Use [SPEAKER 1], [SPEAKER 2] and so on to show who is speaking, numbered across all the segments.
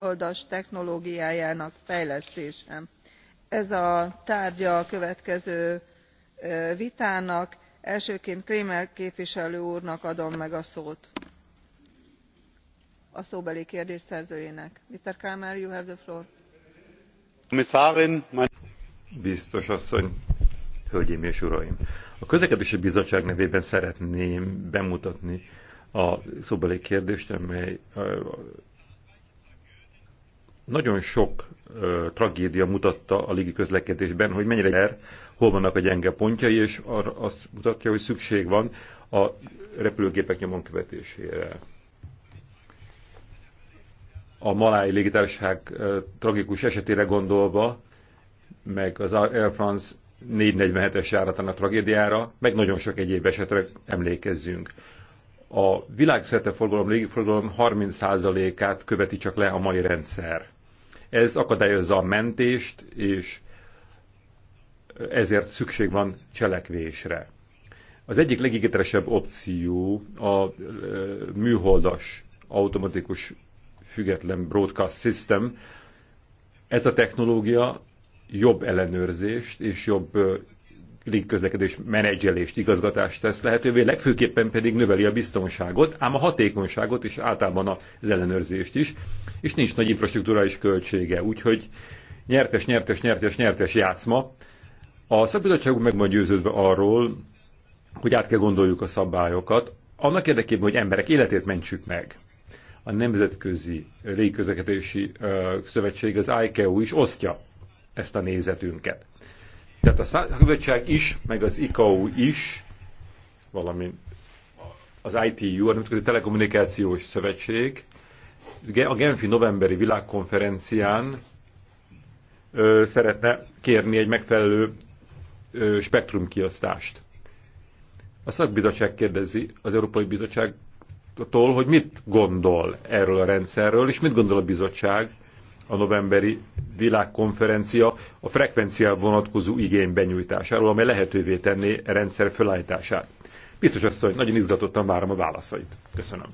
[SPEAKER 1] műholdas technológiájának fejlesztése. ez a tárgya a következő vitának. elsőként krehmer képviselő úrnak adom meg a szót a szóbeli kérdés szerzőjének. mr. Kramer, you have the floor.
[SPEAKER 2] Biztos asszony, hölgyeim és uraim! A közlekedési bizottság nevében szeretném bemutatni a szóbeli kérdést, amely nagyon sok ö, tragédia mutatta a légi közlekedésben, hogy mennyire er, hol vannak a gyenge pontjai, és arra azt mutatja, hogy szükség van a repülőgépek nyomon követésére. A maláj légitársaság ö, tragikus esetére gondolva, meg az Air France 447-es járatának tragédiára, meg nagyon sok egyéb esetre emlékezzünk. A világszerte forgalom, légiforgalom 30%-át követi csak le a mai rendszer. Ez akadályozza a mentést, és ezért szükség van cselekvésre. Az egyik legigétresebb opció a műholdas automatikus független broadcast system. Ez a technológia jobb ellenőrzést és jobb légközlekedés menedzselést, igazgatást tesz lehetővé, legfőképpen pedig növeli a biztonságot, ám a hatékonyságot és általában az ellenőrzést is, és nincs nagy infrastruktúrális költsége, úgyhogy nyertes, nyertes, nyertes, nyertes játszma. A szabadságunk meg van győződve arról, hogy át kell gondoljuk a szabályokat, annak érdekében, hogy emberek életét mentsük meg. A Nemzetközi Légközlekedési Szövetség, az ICAO e is osztja ezt a nézetünket. Tehát a szakbizottság is, meg az ICAO is, valamint az ITU, a Nemzetközi Telekommunikációs Szövetség, a Genfi novemberi világkonferencián ö, szeretne kérni egy megfelelő ö, spektrumkiasztást. A szakbizottság kérdezi az Európai Bizottságtól, hogy mit gondol erről a rendszerről, és mit gondol a bizottság a novemberi világkonferencia a frekvenciá vonatkozó igény benyújtásáról, amely lehetővé tenné a rendszer felállítását. Biztos asszony, nagyon izgatottan várom a válaszait. Köszönöm.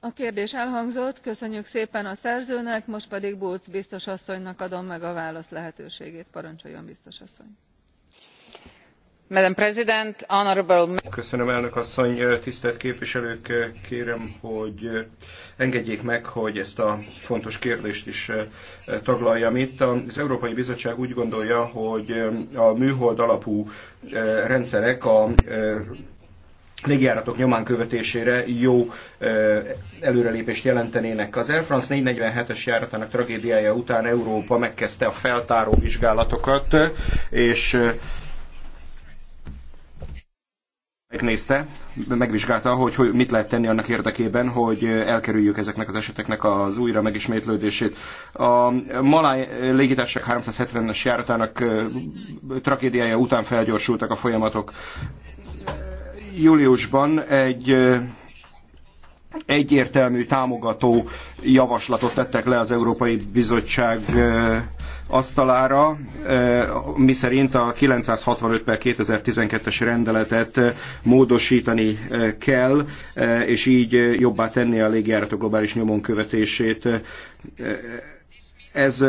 [SPEAKER 1] A kérdés elhangzott, köszönjük szépen a szerzőnek, most pedig Bulc biztos asszonynak adom meg a válasz lehetőségét. Parancsoljon biztos asszony!
[SPEAKER 3] Köszönöm, elnök asszony, tisztelt képviselők, kérem, hogy engedjék meg, hogy ezt a fontos kérdést is taglaljam itt. Az Európai Bizottság úgy gondolja, hogy a műhold alapú rendszerek a légjáratok nyomán követésére jó e, előrelépést jelentenének. Az Air France 447-es járatának tragédiája után Európa megkezdte a feltáró vizsgálatokat, és megnézte, megvizsgálta, hogy, hogy mit lehet tenni annak érdekében, hogy elkerüljük ezeknek az eseteknek az újra megismétlődését. A maláj légitársaság 370-es járatának tragédiája után felgyorsultak a folyamatok. Júliusban egy egyértelmű támogató javaslatot tettek le az Európai Bizottság asztalára, miszerint a 965 per 2012-es rendeletet módosítani kell, és így jobbá tenni a légjáratok globális nyomon követését ez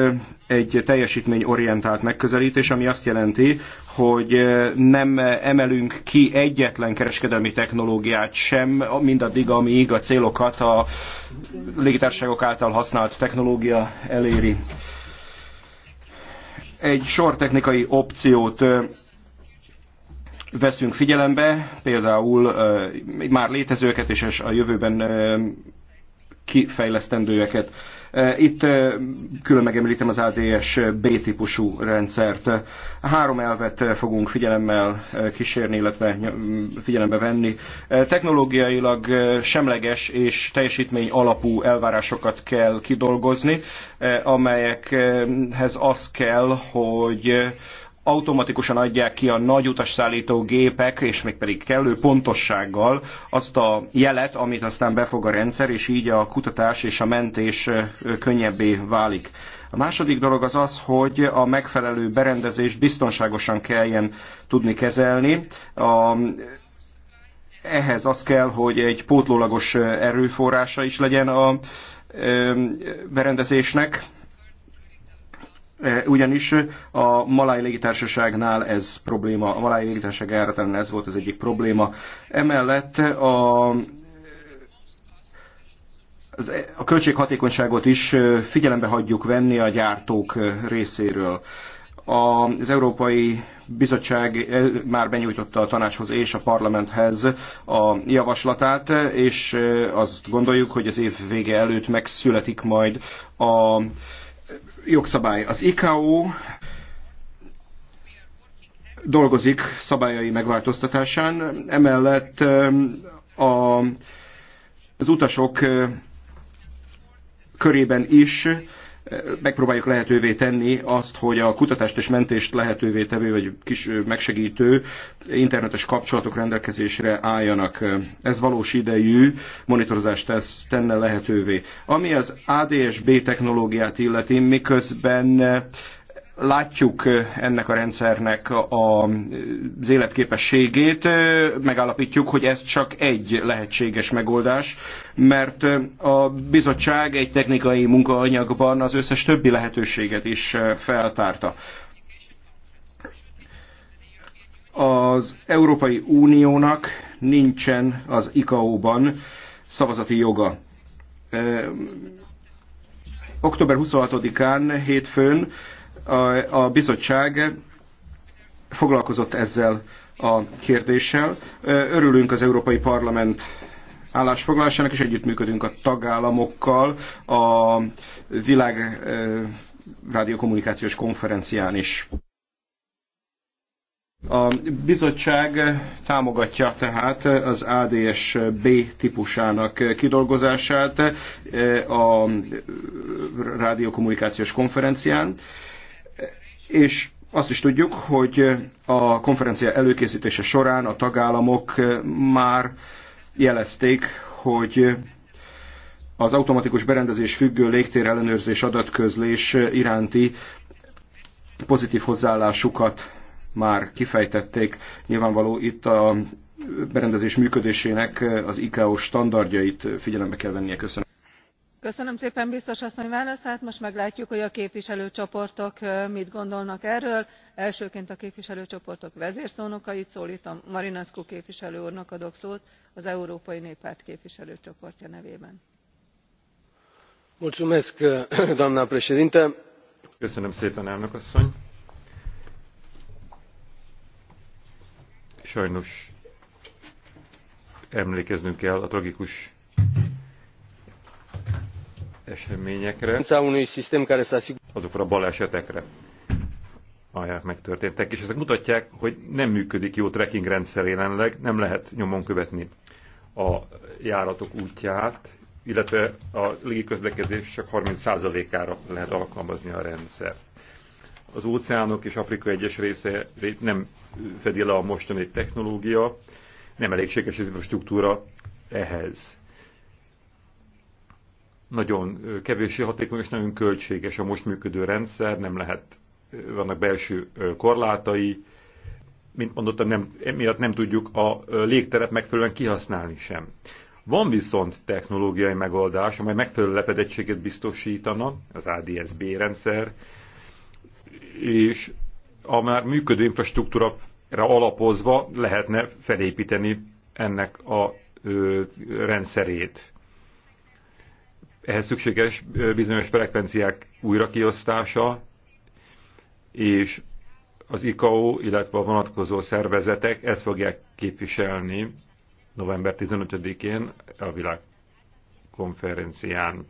[SPEAKER 3] egy teljesítményorientált megközelítés, ami azt jelenti, hogy nem emelünk ki egyetlen kereskedelmi technológiát sem, mindaddig, amíg a célokat a légitársaságok által használt technológia eléri. Egy sor technikai opciót veszünk figyelembe, például már létezőket és a jövőben kifejlesztendőeket. Eh, itt eh, külön megemlítem az ADS B-típusú rendszert. Három elvet eh, fogunk figyelemmel kísérni, illetve mm, figyelembe venni. Technológiailag semleges és teljesítmény alapú elvárásokat kell kidolgozni, amelyekhez az kell, hogy automatikusan adják ki a nagy utasszállító gépek, és még pedig kellő pontossággal azt a jelet, amit aztán befog a rendszer, és így a kutatás és a mentés könnyebbé válik. A második dolog az az, hogy a megfelelő berendezést biztonságosan kelljen tudni kezelni. A, ehhez az kell, hogy egy pótlólagos erőforrása is legyen a berendezésnek, E, ugyanis a Maláj légitársaságnál ez probléma, a Maláj légitársaság járatánál ez volt az egyik probléma. Emellett a, e, a költséghatékonyságot is figyelembe hagyjuk venni a gyártók részéről. Az Európai Bizottság már benyújtotta a tanácshoz és a parlamenthez a javaslatát, és azt gondoljuk, hogy az év vége előtt megszületik majd a jogszabály. Az ICAO dolgozik szabályai megváltoztatásán, emellett a, az utasok körében is megpróbáljuk lehetővé tenni azt, hogy a kutatást és mentést lehetővé tevő, vagy kis megsegítő internetes kapcsolatok rendelkezésre álljanak. Ez valós idejű monitorozást tesz, tenne lehetővé. Ami az ADSB technológiát illeti, miközben látjuk ennek a rendszernek az életképességét, megállapítjuk, hogy ez csak egy lehetséges megoldás, mert a bizottság egy technikai munkaanyagban az összes többi lehetőséget is feltárta. Az Európai Uniónak nincsen az ICAO-ban szavazati joga. Október 26-án hétfőn a, a bizottság foglalkozott ezzel a kérdéssel. Örülünk az Európai Parlament állásfoglalásának, és együttműködünk a tagállamokkal a világ rádiókommunikációs konferencián is. A bizottság támogatja tehát az ADS B típusának kidolgozását a rádiókommunikációs konferencián és azt is tudjuk, hogy a konferencia előkészítése során a tagállamok már jelezték, hogy az automatikus berendezés függő légtér ellenőrzés adatközlés iránti pozitív hozzáállásukat már kifejtették. Nyilvánvaló itt a berendezés működésének az ICAO standardjait figyelembe kell vennie. Köszönöm
[SPEAKER 1] köszönöm szépen biztos asszony válaszát most meglátjuk hogy a képviselőcsoportok mit gondolnak erről. elsőként a képviselőcsoportok vezérszónokait szóltom marinescu képviselő úrnak adok szót az európai néppárt képviselőcsoportja nevében.
[SPEAKER 2] sajnos emlékeznünk kell a tragikus eseményekre, azokra a balesetekre, amelyek megtörténtek, és ezek mutatják, hogy nem működik jó trekking rendszer jelenleg, nem lehet nyomon követni a járatok útját, illetve a légiközlekedés csak 30%-ára lehet alkalmazni a rendszer. Az óceánok és Afrika egyes része nem fedi le a mostani technológia, nem elégséges infrastruktúra ehhez nagyon kevéssé hatékony és nagyon költséges a most működő rendszer, nem lehet, vannak belső korlátai, mint mondottam, nem, emiatt nem tudjuk a légteret megfelelően kihasználni sem. Van viszont technológiai megoldás, amely megfelelő lepedettséget biztosítana, az ADS-B rendszer, és a már működő infrastruktúra alapozva lehetne felépíteni ennek a rendszerét ehhez szükséges bizonyos frekvenciák újrakiosztása, és az ICAO, illetve a vonatkozó szervezetek ezt fogják képviselni november 15-én a világkonferencián.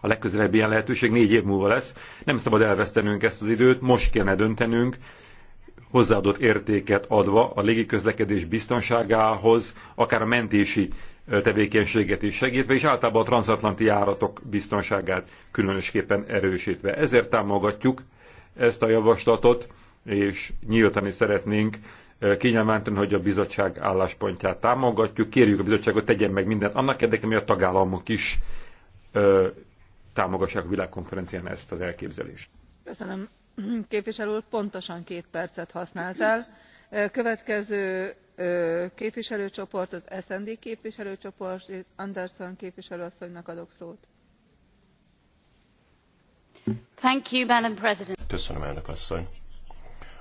[SPEAKER 2] A legközelebbi ilyen lehetőség négy év múlva lesz. Nem szabad elvesztenünk ezt az időt, most kéne döntenünk, hozzáadott értéket adva a légiközlekedés biztonságához, akár a mentési tevékenységet is segítve, és általában a transatlanti járatok biztonságát különösképpen erősítve. Ezért támogatjuk ezt a javaslatot, és nyíltan is szeretnénk kényelmenteni, hogy a bizottság álláspontját támogatjuk. Kérjük a bizottságot, tegyen meg mindent annak érdekében, hogy a tagállamok is ö, támogassák a világkonferencián ezt az elképzelést.
[SPEAKER 1] Köszönöm képviselő úr pontosan two percet használt el. következő képviselőcsoport az sd képviselőcsoport és anderson képviselő asszonynak adok szót.
[SPEAKER 4] Köszönöm, elnök asszony.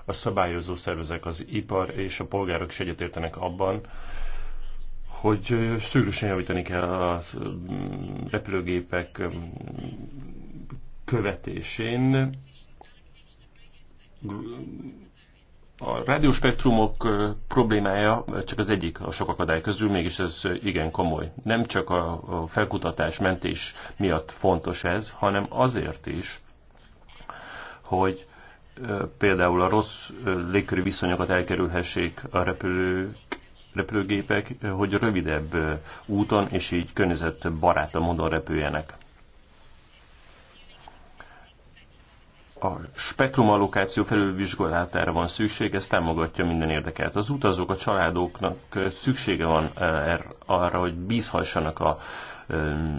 [SPEAKER 4] a szabályozó szervezek az ipar és a polgárok is egyetértenek abban hogy sürgősen javítani kell a repülőgépek követésén a rádióspektrumok problémája csak az egyik a sok akadály közül, mégis ez igen komoly. Nem csak a felkutatás, mentés miatt fontos ez, hanem azért is, hogy például a rossz légkörű viszonyokat elkerülhessék a repülők, repülőgépek, hogy rövidebb úton és így környezetbarátabb módon repüljenek. a spektrumallokáció felülvizsgálatára van szükség, ezt támogatja minden érdekelt. Az utazók, a családoknak szüksége van er, arra, hogy bízhassanak a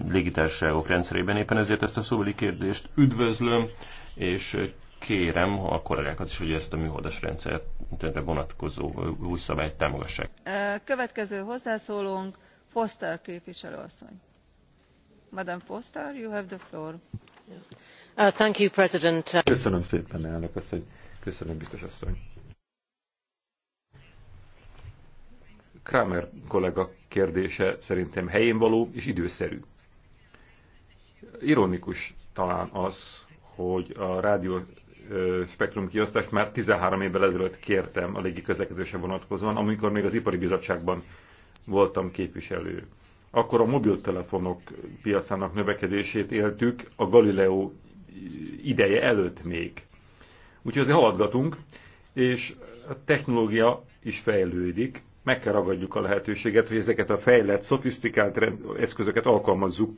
[SPEAKER 4] légitársaságok rendszerében. Éppen ezért ezt a szóbeli kérdést üdvözlöm, és kérem a kollégákat is, hogy ezt a műholdas rendszerre vonatkozó új szabályt támogassák.
[SPEAKER 1] Következő hozzászólónk Foster képviselőasszony. Madame Foster, you have the floor.
[SPEAKER 2] Uh, uh, köszönöm szépen, elnök asszony. Köszönöm, biztos asszony. Kramer kollega kérdése szerintem helyénvaló és időszerű. Ironikus talán az, hogy a rádió spektrum kiosztást már 13 évvel ezelőtt kértem a légiközlekedésre vonatkozóan, amikor még az ipari bizottságban voltam képviselő akkor a mobiltelefonok piacának növekedését éltük, a Galileo ideje előtt még. Úgyhogy azért haladgatunk, és a technológia is fejlődik, meg kell ragadjuk a lehetőséget, hogy ezeket a fejlett, szofisztikált eszközöket alkalmazzuk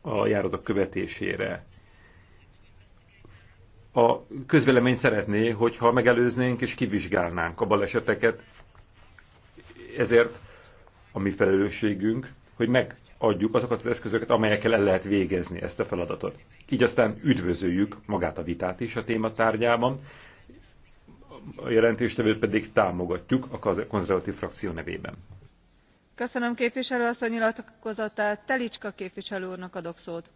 [SPEAKER 2] a járatok követésére. A közvélemény szeretné, hogyha megelőznénk és kivizsgálnánk a baleseteket, ezért a mi felelősségünk, hogy meg adjuk azokat az eszközöket, amelyekkel el lehet végezni ezt a feladatot. Így aztán üdvözöljük magát a vitát is a tématárgyában, a jelentéstevőt pedig támogatjuk a konzervatív frakció nevében.
[SPEAKER 1] Köszönöm képviselő asszony nyilatkozatát. Telicska képviselő úrnak adok szót.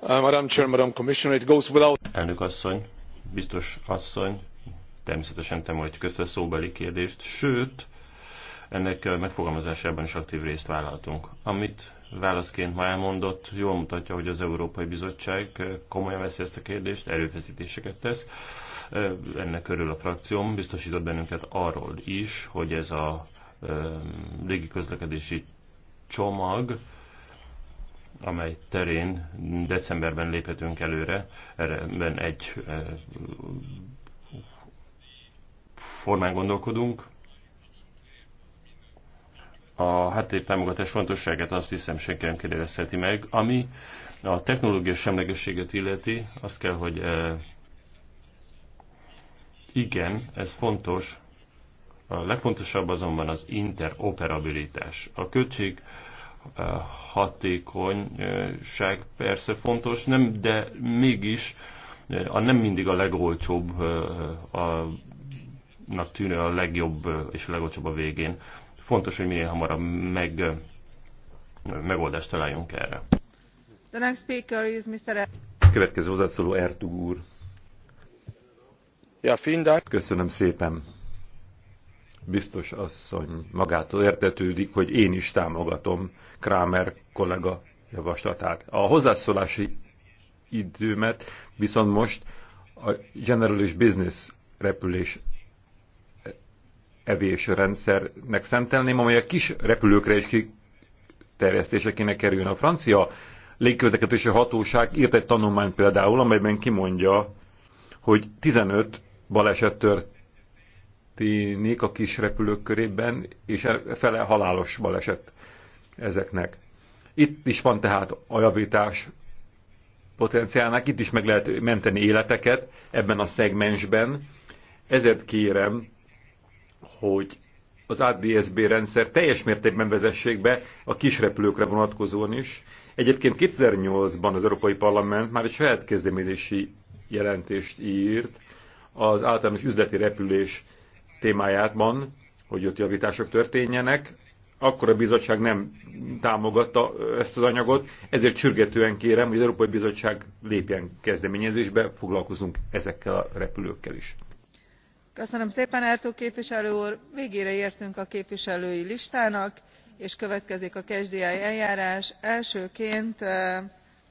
[SPEAKER 4] Uh, Madam Chair, Madam Commissioner, it goes without... Elnök asszony, biztos asszony, természetesen nem hogy közt a szóbeli kérdést, sőt, ennek megfogalmazásában is aktív részt vállaltunk. Amit válaszként ma elmondott, jól mutatja, hogy az Európai Bizottság komolyan veszi ezt a kérdést, erőfeszítéseket tesz. Ennek körül a frakcióm, biztosított bennünket arról is, hogy ez a közlekedési csomag, amely terén decemberben léphetünk előre, erreben egy eh, formán gondolkodunk, a háttértámogatás fontosságát azt hiszem senki nem kérdezheti meg. Ami a technológiai semlegességet illeti, azt kell, hogy eh, igen, ez fontos. A legfontosabb azonban az interoperabilitás. A költség eh, hatékonyság persze fontos, nem, de mégis eh, a nem mindig a legolcsóbb a, tűnő a legjobb és a legolcsóbb a végén. Fontos, hogy minél hamarabb meg, megoldást találjunk erre.
[SPEAKER 1] The next speaker is Mr. E-
[SPEAKER 2] Következő hozzászóló Ertug úr. Ja, vielen Köszönöm szépen. Biztos asszony magától értetődik, hogy én is támogatom Kramer kollega javaslatát. A hozzászólási időmet viszont most a General Business repülés rendszernek szentelném, amely a kis repülőkre is kiterjesztése kéne kerüljön. A francia légközlekedési hatóság írt egy tanulmányt például, amelyben kimondja, hogy 15 baleset történik a kis repülők körében, és e-, fele halálos baleset ezeknek. Itt is van tehát a javítás potenciálnak, itt is meg lehet menteni életeket ebben a szegmensben. Ezért kérem, hogy az ADSB rendszer teljes mértékben vezessék be a kisrepülőkre vonatkozóan is. Egyébként 2008-ban az Európai Parlament már egy saját kezdeményezési jelentést írt az általános üzleti repülés témájában, hogy ott javítások történjenek. Akkor a bizottság nem támogatta ezt az anyagot, ezért sürgetően kérem, hogy az Európai Bizottság lépjen kezdeményezésbe, foglalkozunk ezekkel a repülőkkel is
[SPEAKER 1] köszönöm szépen ertug képviselő úr végére értünk a képviselői listának és következik a catch the eye eljárás elsőként eh,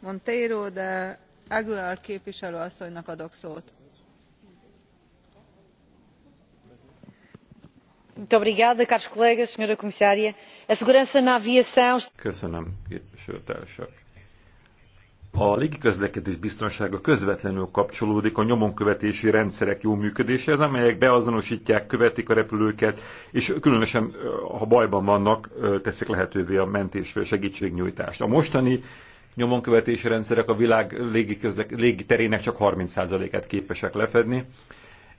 [SPEAKER 1] monteiro de aguiar képviselő asszonynak adok szót.
[SPEAKER 2] köszönöm képviselőtársak! A közlekedés biztonsága közvetlenül kapcsolódik a nyomonkövetési rendszerek jó működéséhez, amelyek beazonosítják, követik a repülőket, és különösen, ha bajban vannak, teszik lehetővé a mentés vagy segítségnyújtást. A mostani nyomonkövetési rendszerek a világ légiterének csak 30%-át képesek lefedni.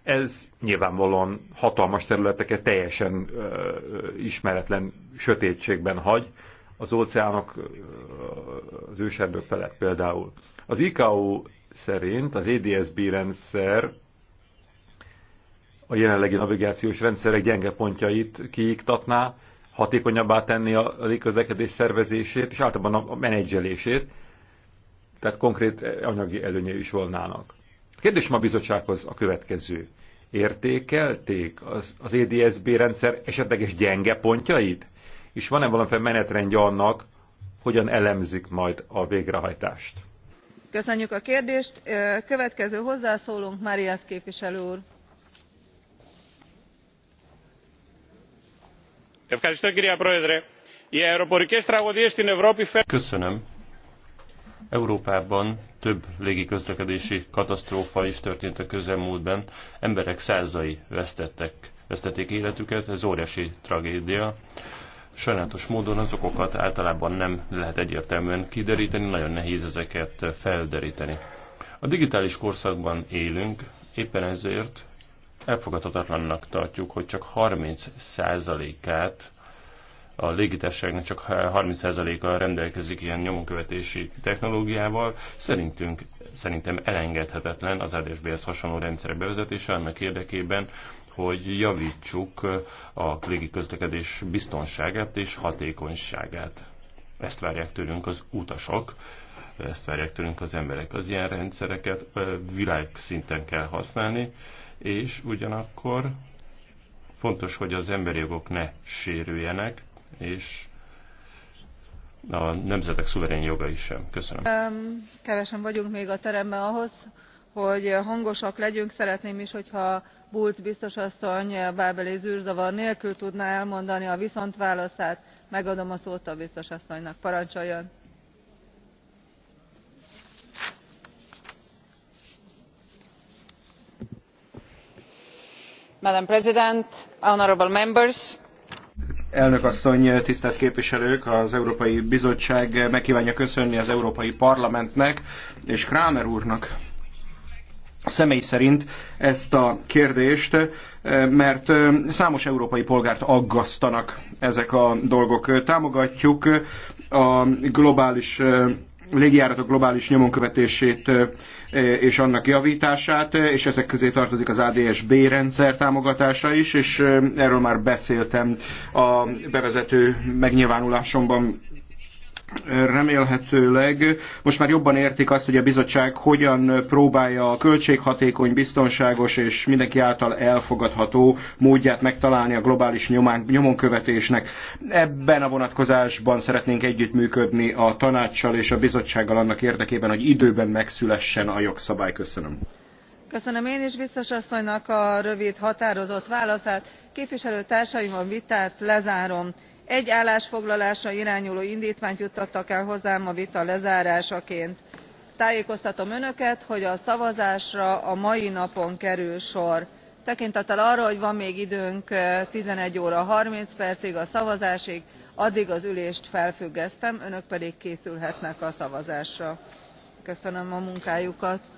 [SPEAKER 2] Ez nyilvánvalóan hatalmas területeket teljesen ö, ismeretlen sötétségben hagy, az óceánok, az őserdők felett például. Az ICAO szerint az EDSB rendszer a jelenlegi navigációs rendszerek gyenge pontjait kiiktatná, hatékonyabbá tenni a légközlekedés szervezését, és általában a menedzselését, tehát konkrét anyagi előnye is volnának. A kérdésem a bizottsághoz a következő. Értékelték az, az EDSB rendszer esetleges gyenge pontjait? és van-e valamiféle menetrendje annak, hogyan elemzik majd a végrehajtást?
[SPEAKER 1] Köszönjük a kérdést. Következő hozzászólunk, Máriász képviselő úr.
[SPEAKER 4] Köszönöm. Európában több légiközlekedési katasztrófa is történt a közelmúltban. Emberek százai vesztettek, vesztették életüket, ez óriási tragédia. Sajnálatos módon az okokat általában nem lehet egyértelműen kideríteni, nagyon nehéz ezeket felderíteni. A digitális korszakban élünk, éppen ezért elfogadhatatlannak tartjuk, hogy csak 30%-át a légitárságnak csak 30%-a rendelkezik ilyen nyomonkövetési technológiával. Szerintünk, szerintem elengedhetetlen az ADSB-hez hasonló rendszerek bevezetése annak érdekében, hogy javítsuk a közlekedés biztonságát és hatékonyságát. Ezt várják tőlünk az utasok, ezt várják tőlünk az emberek. Az ilyen rendszereket világszinten kell használni, és ugyanakkor fontos, hogy az emberi jogok ne sérüljenek, és a nemzetek szuverén jogai sem. Köszönöm.
[SPEAKER 1] Kevesen vagyunk még a teremben ahhoz, hogy hangosak legyünk. Szeretném is, hogyha bulc biztos asszony bábeli zűrzavar nélkül tudná elmondani a viszontválaszát. megadom a szót a biztos asszonynak parancsoljon! madam president honourable members
[SPEAKER 3] elnök asszony tisztelt képviselők az európai bizottság meg kvánja köszönni az európai parlamentnek és krahmer úrnak személy szerint ezt a kérdést, eh, mert eh, számos európai polgárt aggasztanak ezek a dolgok. Támogatjuk eh, a globális légijáratok globális nyomonkövetését és annak javítását, és ezek közé tartozik az ADSB rendszer támogatása is, és erről már beszéltem a bevezető megnyilvánulásomban remélhetőleg most már jobban értik azt, hogy a bizottság hogyan próbálja a költséghatékony, biztonságos és mindenki által elfogadható módját megtalálni a globális nyomán, nyomonkövetésnek. Ebben a vonatkozásban szeretnénk együttműködni a tanácssal és a bizottsággal annak érdekében, hogy időben megszülessen a jogszabály. Köszönöm.
[SPEAKER 1] Köszönöm én is biztos asszonynak a rövid határozott válaszát. Képviselőtársaimon vitát lezárom egy állásfoglalásra irányuló indtványt juttattak el hozzám a vita lezárásaként. tájékoztatom önöket hogy a szavazásra a mai napon kerül sor. tekintettel arra hogy van még időnk eleven eh, óra thirty percig a szavazásig addig az ülést felfüggesztem önök pedig készülhetnek a szavazásra. köszönöm a munkájukat.